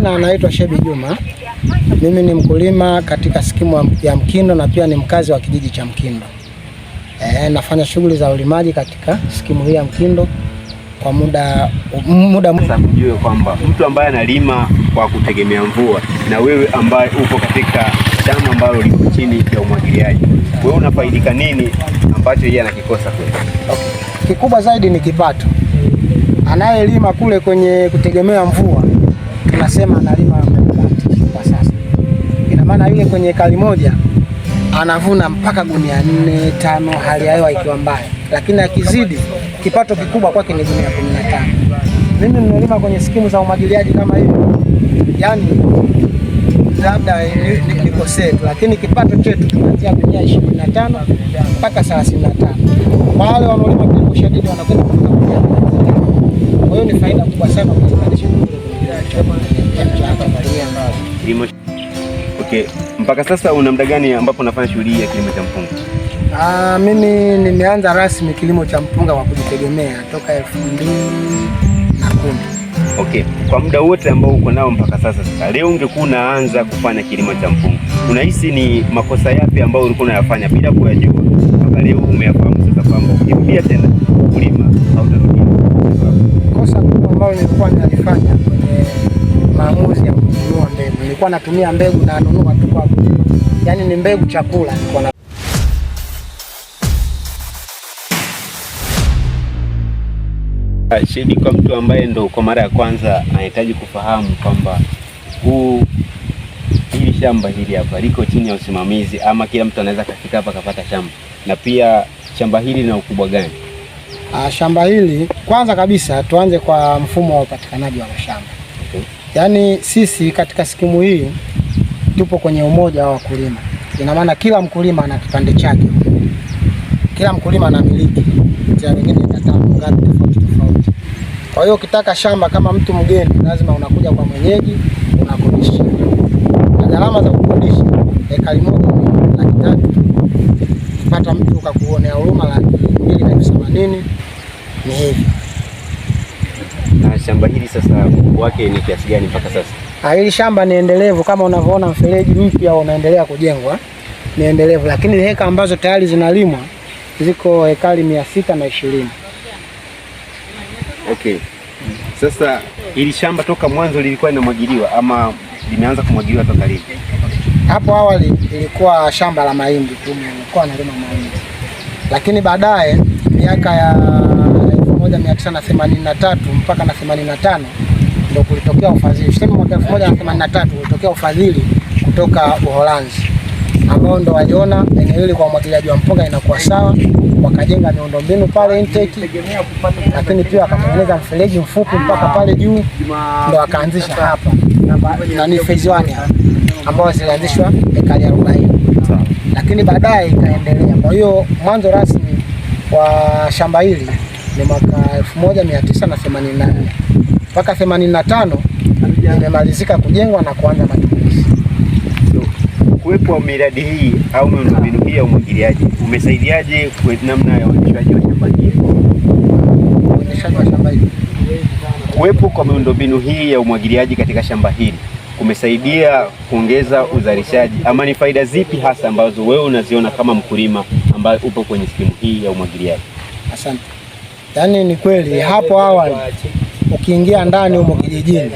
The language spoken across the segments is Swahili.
Na anaitwa Shebi Juma, mimi ni mkulima katika skimu ya Mkindo na pia ni mkazi wa kijiji cha Mkindo. E, nafanya shughuli za ulimaji katika skimu hii ya Mkindo kwa muda muda. Sasa mjue kwamba mtu ambaye analima kwa kutegemea mvua na wewe ambaye uko katika shamba ambalo liko chini ya umwagiliaji, wewe unafaidika nini ambacho yeye anakikosa kwetu? Okay. Kikubwa zaidi ni kipato, anayelima kule kwenye kutegemea mvua anasema analima kwa sasa, ina maana yule kwenye kali moja anavuna mpaka gunia nne tano, hali ya hewa ikiwa mbaya, lakini akizidi kipato kikubwa kwake ni gunia kumi na tano. Mimi nimelima kwenye skimu za umwagiliaji kama hiyo, yani labda nikosee tu, lakini kipato chetu tunaanzia gunia ishirini na tano mpaka thelathini na tano kwa wale wanaolima kwa shadidi wanakwenda. Kwa hiyo ni faida kubwa sana kulinganisha Okay. Mpaka sasa una muda gani ambapo unafanya shughuli ya kilimo cha mpunga? Ah, mimi nimeanza rasmi kilimo cha mpunga kwa kujitegemea toka elfu mbili na kumi. Okay. Kwa muda wote ambao uko nao mpaka sasa, sasa leo ungekuwa unaanza kufanya kilimo cha mpunga, unahisi ni makosa yapi ambayo ulikuwa unayafanya bila kuyajua mpaka leo umeyafahamu sasa kwamba ukirudia tena kulima hautarudi? Kosa kubwa ambayo nilikuwa nalifanya kwenye maamuzi ya kununua mbegu. Nilikuwa natumia mbegu na nanunua tu kwa, yaani ni mbegu chakula nilikuwa na Shedi, kwa mtu ambaye ndo kwa mara ya kwanza anahitaji kufahamu kwamba huu hili shamba hili hapa liko chini ya usimamizi ama kila mtu anaweza kafika hapa kapata shamba, na pia shamba hili lina ukubwa gani? Ah, shamba hili kwanza kabisa tuanze kwa mfumo wa upatikanaji wa mashamba. Yaani sisi katika skimu hii tupo kwenye umoja wa wakulima, ina maana kila mkulima ana kipande chake, kila mkulima ana miliki za wengine katamu tofauti tofauti. Kwa hiyo ukitaka shamba kama mtu mgeni, lazima unakuja kwa mwenyeji, unakodisha na gharama za kukodisha ekari moja laki tatu kupata mtu ukakuonea huruma laki mbili na elfu themanini ni hivi. Na shamba hili sasa ukubwa wake ni kiasi gani mpaka sasa? Ah, hili shamba ni endelevu kama unavyoona, mfereji mpya unaendelea kujengwa, ni endelevu, lakini heka ambazo tayari zinalimwa ziko hekari mia sita na ishirini. Okay. Sasa hili shamba toka mwanzo lilikuwa linamwagiliwa ama limeanza kumwagiliwa toka lini? Hapo awali ilikuwa shamba la mahindi tu, nilikuwa nalima mahindi, lakini baadaye miaka ya 1983 mpaka na 85 ndio kulitokea ufadhili. Sema mwaka 1983 kulitokea ufadhili kutoka Uholanzi ambao ndo waliona eneo hili kwa umwagiliaji wa mpunga inakuwa sawa, wakajenga miundombinu pale intake, lakini pia wakatengeneza mfereji mfupi mpaka pale juu, ndo wakaanzisha hapa na ni phase 1 ambayo zilianzishwa ekari 40, lakini baadaye ikaendelea. Kwa hiyo mwanzo rasmi wa shamba hili ni mwaka 1984 mpaka 85 imemalizika kujengwa na kuanza matumizi. Kuwepo miradi hii au miundombinu hii ya umwagiliaji umesaidiaje kwa namna ya uendeshaji wa shamba hili? Uendeshaji wa shamba hili, kuwepo kwa miundombinu hii ya umwagiliaji katika shamba hili kumesaidia kuongeza uzalishaji, ama ni faida zipi hasa ambazo wewe unaziona kama mkulima ambaye upo kwenye skimu hii ya umwagiliaji? Asante. Yaani ni kweli hapo awali ukiingia ndani humo kijijini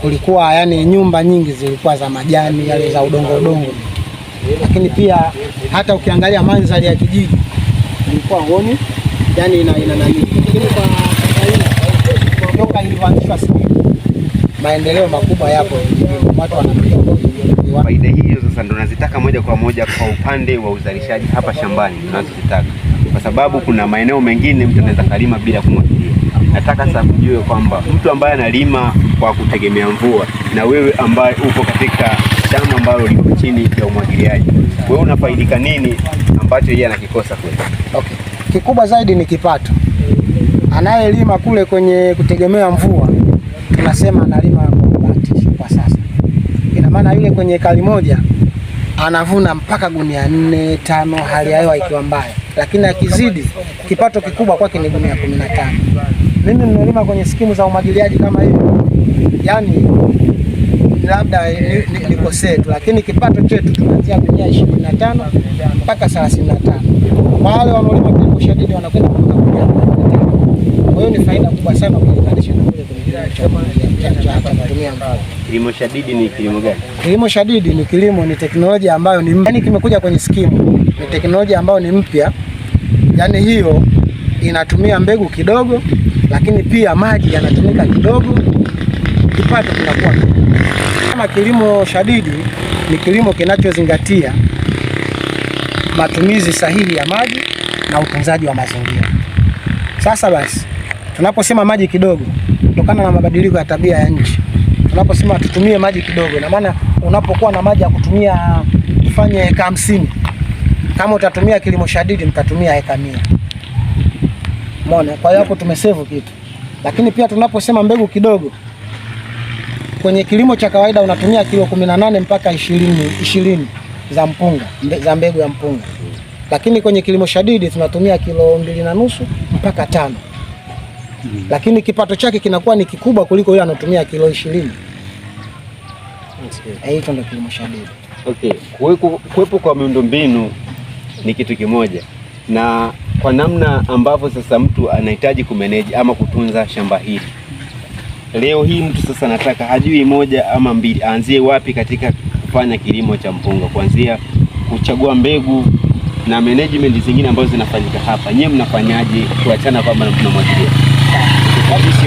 kulikuwa yani nyumba nyingi zilikuwa za majani yale za udongo udongo, lakini pia hata ukiangalia mandhari ya kijiji ilikuwa ngoni yani ina ina nani, kwa toka ilivyoanzishwa maendeleo makubwa yapo, watu wanapiga faida hiyo. Sasa ndo nazitaka moja kwa moja kwa upande wa uzalishaji hapa shambani, tunazozitaka kwa sababu kuna maeneo mengine mtu anaweza kalima bila kumwagilia. Nataka sasa kujue kwamba mtu ambaye analima kwa kutegemea mvua na wewe ambaye uko katika shamba ambalo liko chini ya umwagiliaji, wewe unafaidika nini ambacho yeye anakikosa kule? Okay. Kikubwa zaidi ni kipato. Anayelima kule kwenye kutegemea mvua tunasema analima kwa bahati kwa sasa, ina maana yule kwenye kali moja anavuna mpaka gunia nne tano, hali ya hewa ikiwa mbaya, lakini akizidi kipato kikubwa kwake ni gunia kumi na tano. Mimi nimelima kwenye skimu za umwagiliaji kama hiyo, yani labda nikosee tu, lakini kipato chetu tunaanzia gunia ishirini na tano mpaka thelathini na tano. Wale wanaolima kwa ushadidi wanakwenda Kwa hiyo ni faida kubwa sana ukilinganisha Kilimo shadidi ni kilimo gani? Kilimo shadidi ni kilimo, ni teknolojia ambayo ni yani kimekuja kwenye skimu, ni teknolojia ambayo ni mpya, yani hiyo inatumia mbegu kidogo, lakini pia maji yanatumika kidogo, kipato kinakuwa kama. Kilimo shadidi ni kilimo kinachozingatia matumizi sahihi ya maji na utunzaji wa mazingira. Sasa basi Tunaposema maji kidogo, kutokana na mabadiliko ya tabia ya nchi, tunaposema tutumie maji kidogo, na maana unapokuwa na maji ya kutumia kufanya eka hamsini, kama utatumia kilimo shadidi mtatumia eka mia. Umeona? Kwa hiyo hapo tumesevu kitu, lakini pia tunaposema mbegu kidogo kwenye kilimo cha kawaida unatumia kilo 18 mpaka 20 20 za mpunga mbe, za mbegu ya mpunga, lakini kwenye kilimo shadidi tunatumia kilo mbili na nusu mpaka tano mm. Lakini kipato chake kinakuwa ni kikubwa kuliko yule anatumia kilo ishirini. Eh, hicho ndio kilimo cha debe. Okay, kuwepo kwa miundombinu ni kitu kimoja, na kwa namna ambavyo sasa mtu anahitaji kumeneji ama kutunza shamba hili leo hii, mtu sasa anataka hajui moja ama mbili, aanzie wapi katika kufanya kilimo cha mpunga, kuanzia kuchagua mbegu na management zingine ambazo zinafanyika hapa. Nyewe mnafanyaje kuachana kwamba tunamwagilia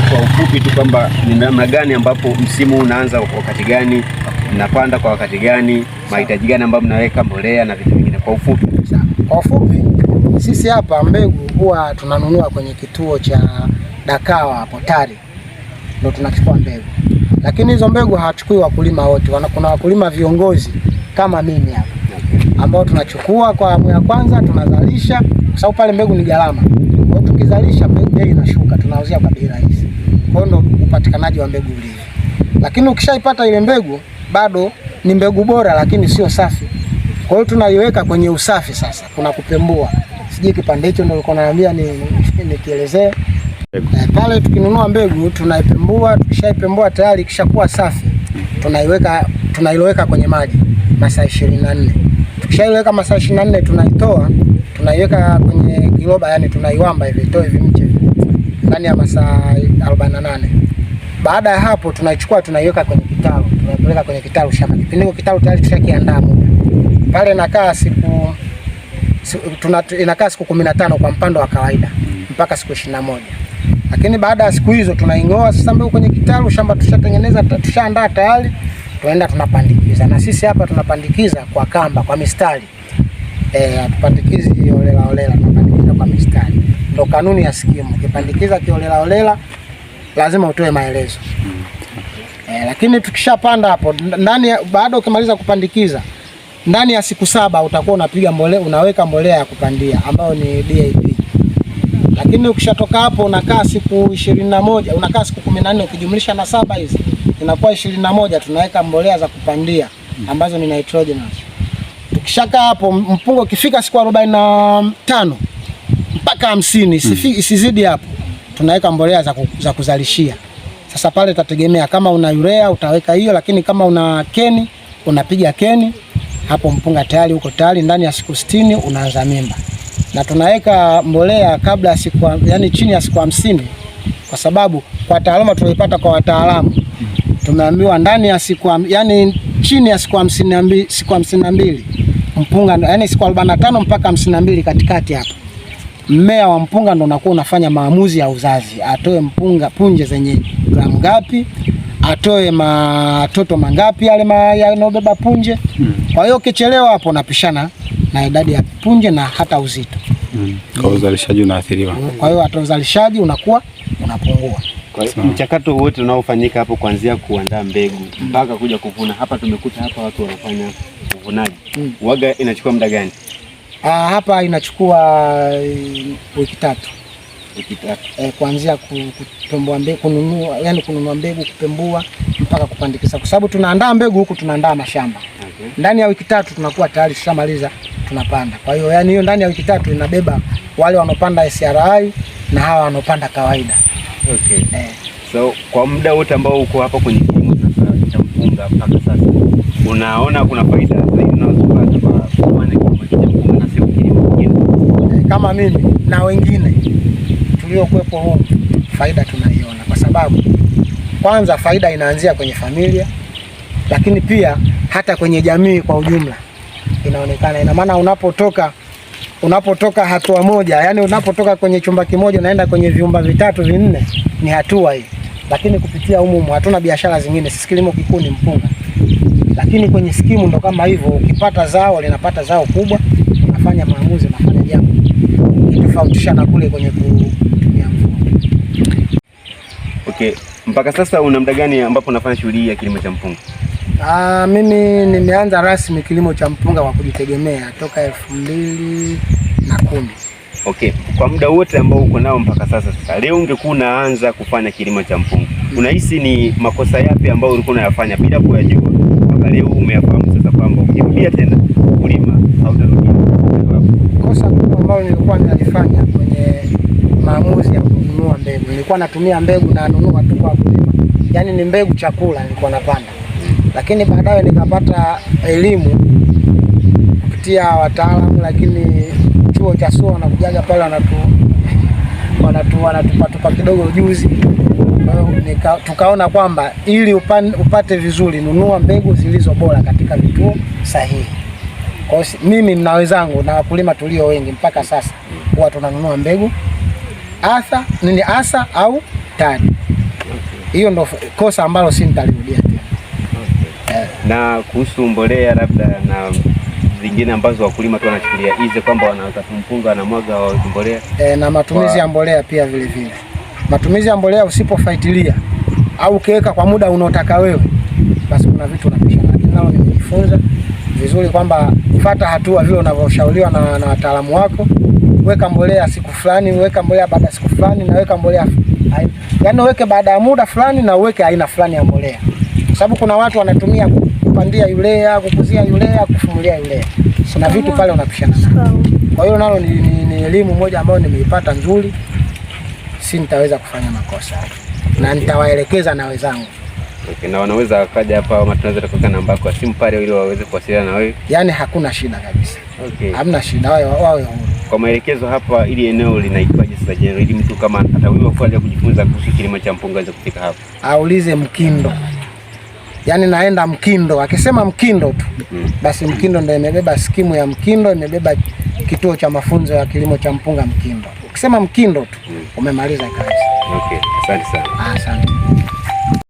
kwa ufupi tu kwamba ni namna gani ambapo msimu unaanza kwa wakati gani, mnapanda kwa wakati gani, mahitaji gani ambayo mnaweka mbolea na vitu vingine kwa ufupi Kwa ufupi, sisi hapa mbegu huwa tunanunua kwenye kituo cha Dakawa hapo Tari, ndio tunachukua mbegu, lakini hizo mbegu hawachukui wakulima wote. Kuna wakulima viongozi kama mimi hapa ambao tunachukua kwa awamu ya kwanza, tunazalisha kwa sababu pale mbegu ni gharama kwa hiyo tukizalisha, bei inashuka, tunauzia kwa bei rahisi. Kwa hiyo ndo upatikanaji wa mbegu ulivyo. Lakini ukishaipata ile mbegu, bado ni mbegu bora, lakini sio safi. Kwa hiyo tunaiweka kwenye usafi sasa, kuna kupembua. Sijui kipande hicho ndio nilikuwa naambia nikielezee. Ni e, pale tukinunua mbegu tunaipembua, tukishaipembua tayari kishakuwa safi, tunaiweka tunailoweka kwenye maji masaa 24. Tukishaiweka masaa 24 tunaitoa tunaiweka kwenye kiloba, yani tunaiwamba hivi itoe hivi mche ndani ya masaa 48. Baada ya hapo tunaichukua tunaiweka kwenye kitalu, tunaipeleka kwenye kitalu shamba. Kipindi hicho kitalu tayari tushakiandaa pale, inakaa siku tuna inakaa siku 15 kwa mpando wa kawaida mpaka siku 21. Lakini baada ya siku hizo tunaing'oa sasa mbegu kwenye kitalu shamba, tushatengeneza tushaandaa tayari, tunaenda tunapandikiza. Na sisi hapa tunapandikiza kwa kamba, kwa mistari Eh, hatupandikizi e, holela holela, tunapandikiza kwa mistari. Ndo kanuni ya skimu. Ukipandikiza kiholela holela lazima utoe maelezo hmm. eh, lakini tukishapanda hapo ndani, baada ukimaliza kupandikiza ndani ya siku saba utakuwa unapiga mbolea, unaweka mbolea ya kupandia ambayo ni DAP. Lakini ukishatoka hapo unakaa siku ishirini na moja unakaa siku kumi na nne ukijumlisha na saba hizi inakuwa ishirini na moja tunaweka mbolea za kupandia hmm. ambazo ni nitrogenous. Kishakaa hapo mpunga ukifika siku arobaini na tano mpaka hamsini hmm. isizidi hapo, tunaweka mbolea za, ku, za kuzalishia. Sasa pale tategemea kama una urea utaweka hiyo, lakini kama una keni unapiga keni hapo, mpunga tayari uko tayari, ndani ya siku sitini unaanza mimba. Na tunaweka mbolea kabla ya siku, yani chini ya siku hamsini kwa sababu kwa taaluma tunaipata kwa wataalamu hmm. tumeambiwa ndani ya siku yani chini ya siku hamsini na mbili mpunga, yani siku 45 mpaka 52 katikati hapo mmea wa mpunga ndo unakuwa unafanya maamuzi ya uzazi, atoe mpunga punje zenye gramu ngapi, atoe matoto mangapi yale yanobeba punje. Hmm. Kwa hiyo ukichelewa hapo unapishana na idadi ya punje na hata uzito hmm. Kwa uzalishaji unaathiriwa, kwa hiyo hata uzalishaji unakuwa unapungua. Mchakato wote unaofanyika hapo kuanzia kuandaa mbegu mpaka kuja kuvuna, hapa tumekuta hapa watu wanafanya uvunaji mm. waga inachukua muda gani? Ah, hapa inachukua eh, wiki tatu wiki tatu e, kuanzia kutomboa mbegu, kununua yani kununua mbegu, kupembua mpaka kupandikiza, kwa sababu tunaandaa mbegu huku tunaandaa mashamba okay. Ndani ya wiki tatu tunakuwa tayari tushamaliza tunapanda. Kwa hiyo yani hiyo ndani ya wiki tatu inabeba wale wanaopanda SRI na hawa wanaopanda kawaida okay. E. So kwa muda wote ambao uko hapa kwenye kilimo sasa cha mpunga mpaka sasa unaona kuna faida kama mimi na wengine tuliokuwepo huko, faida tunaiona, kwa sababu kwanza faida inaanzia kwenye familia, lakini pia hata kwenye jamii kwa ujumla inaonekana. Ina maana unapotoka unapotoka hatua moja, yani unapotoka kwenye chumba kimoja unaenda kwenye vyumba vitatu vinne, ni hatua hii. Lakini kupitia umumu hatuna biashara zingine, sisi kilimo kikuu ni mpunga, lakini kwenye skimu ndo kama hivyo, ukipata zao linapata zao kubwa kujitofautisha na kule kwenye kutumia mfumo. Okay, mpaka sasa una muda gani ambapo unafanya shughuli hii ya kilimo cha mpunga? Ah, mimi nimeanza rasmi kilimo cha mpunga kwa kujitegemea toka elfu mbili na kumi. Okay, kwa muda wote ambao uko nao mpaka sasa, sasa leo ungekuwa unaanza kufanya kilimo cha mpunga, unahisi ni makosa yapi ambayo ulikuwa unayafanya bila kuyajua, mpaka leo umeyafahamu sasa kwamba ukirudia tena kulima au kosa kubwa ambalo nilikuwa nalifanya kwenye maamuzi ya kununua mbegu, nilikuwa natumia mbegu na nanunua tu kwa kulima, yaani ni mbegu chakula nilikuwa napanda, lakini baadaye nikapata elimu kupitia wataalamu, lakini chuo cha SUA wanakujaga pale wanatu wanatupatupa kidogo ujuzi Nika, tukaona kwamba ili upate vizuri, nunua mbegu zilizo bora katika vituo sahihi. Kwa mimi na wenzangu na wakulima tulio wengi mpaka sasa huwa tunanunua mbegu asa nini, asa au tani. Hiyo ndo kosa ambalo si nitarudia tena. Na kuhusu mbolea labda na zingine ambazo wakulima tu wanachukulia hizi kwamba wanaweza kumpunga na mwaga wa mbolea e, na matumizi kwa... ya mbolea pia vile vile, matumizi ya mbolea usipofuatilia au ukiweka kwa muda unaotaka wewe, basi kuna vitu unapisha, lakini nao nimejifunza vizuri kwamba fata hatua vile unavyoshauriwa na wataalamu wako. Weka mbolea siku fulani, weka mbolea baada ya siku fulani, na weka mbolea yaani, weke baada ya muda fulani na uweke aina fulani ya mbolea, kwa sababu kuna watu wanatumia kupandia urea, kukuzia urea, kufumulia urea na vitu pale unapishana Kwa hiyo nalo ni, ni, ni elimu moja ambayo nimeipata nzuri, si nitaweza kufanya makosa na nitawaelekeza na wenzangu. Okay, na wanaweza wakaja hapa ama tunaweza kuweka namba yako ya simu pale ili waweze kuwasiliana na wewe. Yaani hakuna shida kabisa. Okay. Hamna shida wawe wawe huru. Kwa maelekezo hapa ili eneo linaitwaje sasa je, ili mtu kama atawiwa kwa ajili kujifunza kuhusu kilimo cha mpunga aweze kufika hapa. Aulize Mkindo. Yaani naenda Mkindo, akisema Mkindo tu. Hmm. Basi Mkindo ndio imebeba skimu ya Mkindo, imebeba kituo cha mafunzo ya kilimo cha mpunga Mkindo. Ukisema Mkindo tu, hmm, umemaliza kazi. Okay, asante sana. Asante.